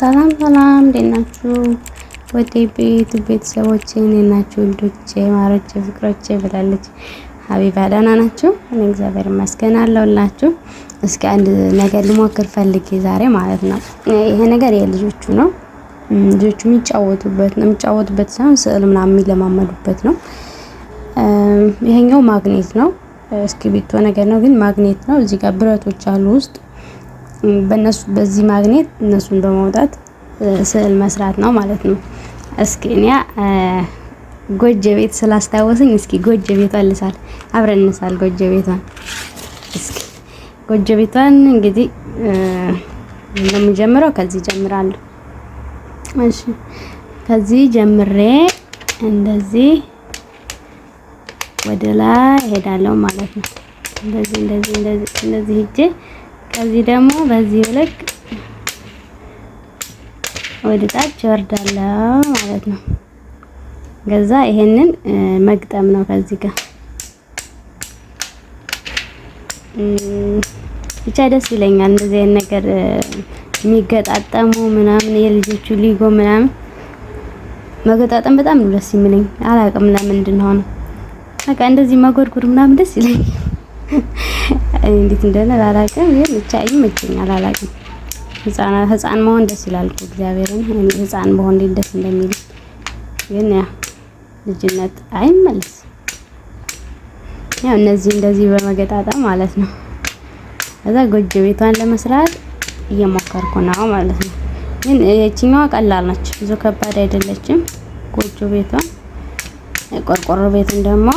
ሰላም ሰላም እንዴት ናችሁ? ወደ ቤት ቤተሰቦች እንዴት ናችሁ? ልጆቼ፣ ማሮቼ፣ ፍቅሮቼ ብላለች ሀቢባ። ደህና ናችሁ? እኔ እግዚአብሔር ይመስገን አለሁላችሁ። እስኪ አንድ ነገር ልሞክር ፈልጌ ዛሬ ማለት ነው። ይሄ ነገር የልጆቹ ነው። ልጆቹ የሚጫወቱበት ነው። የሚጫወቱበት ሳይሆን ስዕል ምናምን የሚለማመዱበት ነው። ይሄኛው ማግኔት ነው፣ እስክሪብቶ ነገር ነው፣ ግን ማግኔት ነው። እዚህ ጋር ብረቶች አሉ ውስጥ በነሱ በዚህ ማግኔት እነሱን በመውጣት ስዕል መስራት ነው ማለት ነው። እስኪ እኔ ጎጆ ቤት ስላስታወሰኝ እስኪ ጎጆ ቤቷን ልሳል፣ አብረን እንሳል ጎጆ ቤቷን። እስኪ ጎጆ ቤቷን እንግዲህ እንደምጀምረው ከዚህ ጀምራለሁ። እሺ ከዚህ ጀምሬ እንደዚህ ወደ ላይ ሄዳለሁ ማለት ነው። እንደዚህ እንደዚህ እንደዚህ እንደዚህ እጄ ከዚህ ደግሞ በዚህ ልክ ወደ ታች ማለት ነው። ገዛ ይሄንን መግጠም ነው ከዚህ ጋር ብቻ ደስ ይለኛል። እንደዚህ አይነት ነገር የሚገጣጠሙ ምናምን የልጆቹ ሊጎ ምናምን መገጣጠም በጣም ነው ደስ የሚለኝ። አላውቅም ለምንድን ሆነ በቃ እንደዚህ መጎድጎድ ምናምን ደስ ይለኛል። እንዴት እንደሆነ አላውቅም፣ ግን ብቻ ይመቸኛል። አላውቅም ህፃን መሆን ደስ ይላል እኮ እግዚአብሔርን ህፃን መሆን እንዴት ደስ እንደሚል ግን ያ ልጅነት አይመለስ። ያው እነዚህ እንደዚህ በመገጣጠም ማለት ነው። እዛ ጎጆ ቤቷን ለመስራት እየሞከርኩ ነው ማለት ነው። ግን የችኛዋ ቀላል ነች፣ ብዙ ከባድ አይደለችም። ጎጆ ቤቷን፣ ቆርቆሮ ቤቱን ደግሞ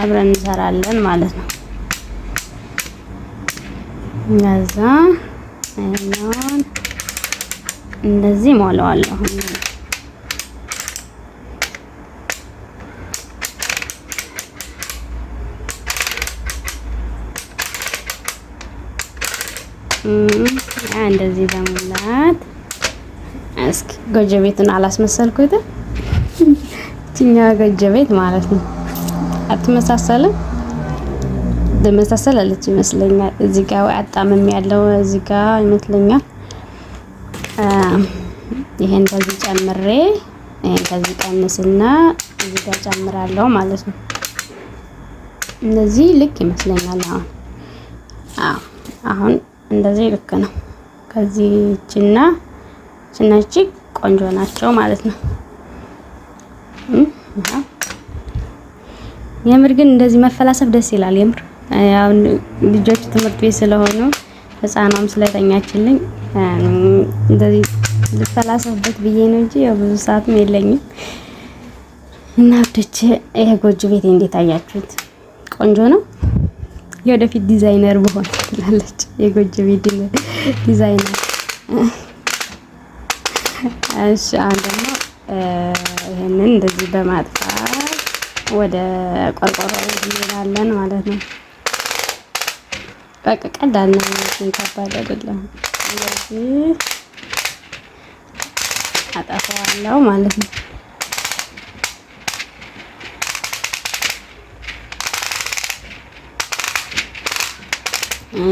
አብረን እንሰራለን ማለት ነው። እንደዚህ ሞላዋለሁ። እንደዚህ በመላት እስኪ ጎጆ ቤትን አላስመሰልኩትም። እችኛ ጎጆ ቤት ማለት ነው። አትመሳሰልም? ትመሳሰላለች ይመስለኛል። እዚህ ጋር አጣምም ያለው እዚህ ጋር ይመስለኛል። ይሄን በዚህ ጨምሬ ይሄን ከዚህ ቀንስና እዚህ ጋር ጨምራለሁ ማለት ነው። እንደዚህ ልክ ይመስለኛል። አሁን አሁን እንደዚህ ልክ ነው። ከዚህ እችና እችና እቺ ቆንጆ ናቸው ማለት ነው። የምር ግን እንደዚህ መፈላሰፍ ደስ ይላል የምር ያው ልጆች ትምህርት ቤት ስለሆኑ ህፃናም ስለተኛችልኝ እንደዚህ ልፈላሰፍበት ብዬ ነው እንጂ ያው ብዙ ሰዓትም የለኝም እና ወደች ይሄ ጎጆ ቤት እንዴት አያችሁት? ቆንጆ ነው። የወደፊት ዲዛይነር በሆን ትላለች የጎጆ ቤት ዲዛይነር። እሺ አሁን ደግሞ ይሄንን እንደዚህ በማጥፋት ወደ ቆርቆሮ እንሄዳለን ማለት ነው። በቃ ቀላል ነው። ከባድ አይደለም። ስለዚህ አጠፋዋለሁ ማለት ነው።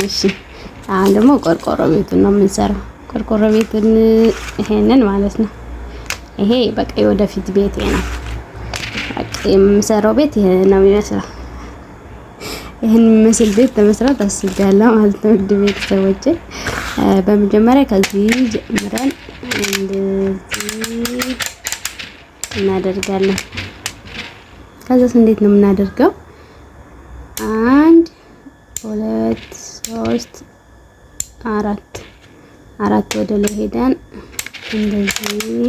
እሺ አሁን ደግሞ ቆርቆሮ ቤቱን ነው የምንሰራው። ቆርቆሮ ቤቱን ይሄንን ማለት ነው። ይሄ በቃ የወደፊት ቤቴ ነው። በቃ የምሰራው ቤት ይሄ ነው የሚመስለው። ይህን ምስል ቤት ለመስራት አስቤያለሁ ማለት ነው። ውድ ቤተሰቦቼ በመጀመሪያ ከዚህ ጀምረን እንደዚህ እናደርጋለን። ከዛስ እንዴት ነው የምናደርገው? አንድ ሁለት ሶስት አራት አራት ወደ ላይ ሄደን እንደዚህ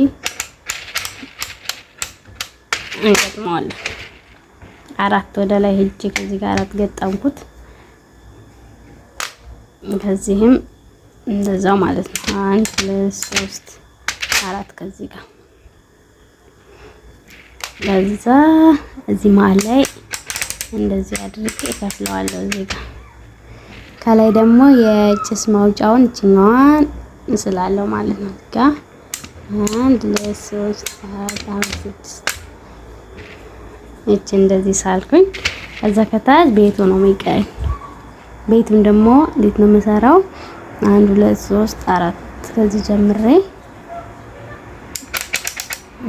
እንገጥመዋለን። አራት ወደ ላይ ሄጄ ከዚህ ጋር አራት ገጠምኩት። ከዚህም እንደዛው ማለት ነው። አንድ ሁለት ሶስት አራት ከዚህ ጋር ለዛ እዚህ መሀል ላይ እንደዚህ አድርጌ እከፍለዋለሁ። እዚህ ጋር ከላይ ደግሞ የጭስ ማውጫውን እችኛዋን እንስላለሁ ማለት ነው። ጋር አንድ ለሶስት አራት አምስት ስድስት እቺ እንደዚህ ሳልኩኝ እዛ ከታች ቤቱ ነው የሚቀር። ቤቱን ደግሞ እንዴት ነው የምሰራው? አንድ ሁለት ሶስት አራት ከዚህ ጀምሬ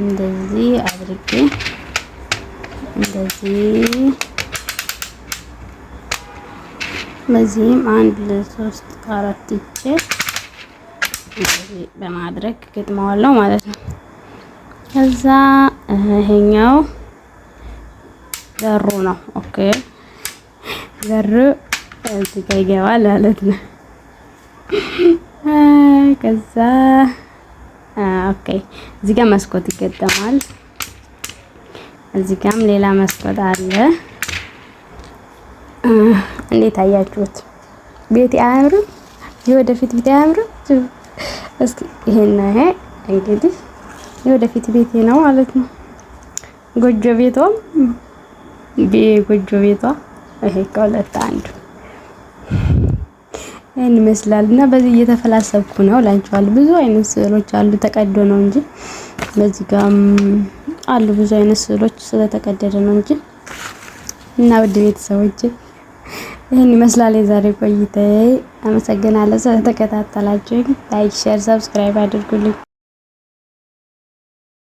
እንደዚህ አድርጌ እንደዚህ በዚህም አንድ ሶስት አራት እጄ በማድረግ ግጥመዋለሁ ማለት ነው። ከዛ ይሄኛው ዘሩ ነው። ኦኬ ዘሩ እዚህ ጋር ይገባል ማለት ነው። ከዛ ኦኬ እዚህ ጋር መስኮት ይገጠማል። እዚህ ጋርም ሌላ መስኮት አለ። እንዴት አያችሁት? ቤት አያምርም? የወደፊት ቤት አያምርም? እስኪ ይሄን ይሄ እንግዲህ የወደፊት ቤቴ ነው ማለት ነው። ጎጆ ቤቶም የጎጆ ቤቷ ይሄ ከሁለት አንዱ ይህን ይመስላል እና በዚህ እየተፈላሰብኩ ነው ላችኋል። ብዙ አይነት ስዕሎች አሉ። ተቀዶ ነው እንጂ በዚህ ጋም አሉ ብዙ አይነት ስዕሎች ስለተቀደደ ነው እንጂ እና ውድ ቤተሰቦች ይህን ይመስላል የዛሬ ቆይታዬ። አመሰግናለሁ ስለተከታተላችሁ። ላይክ፣ ሼር፣ ሰብስክራይብ አድርጉልኝ።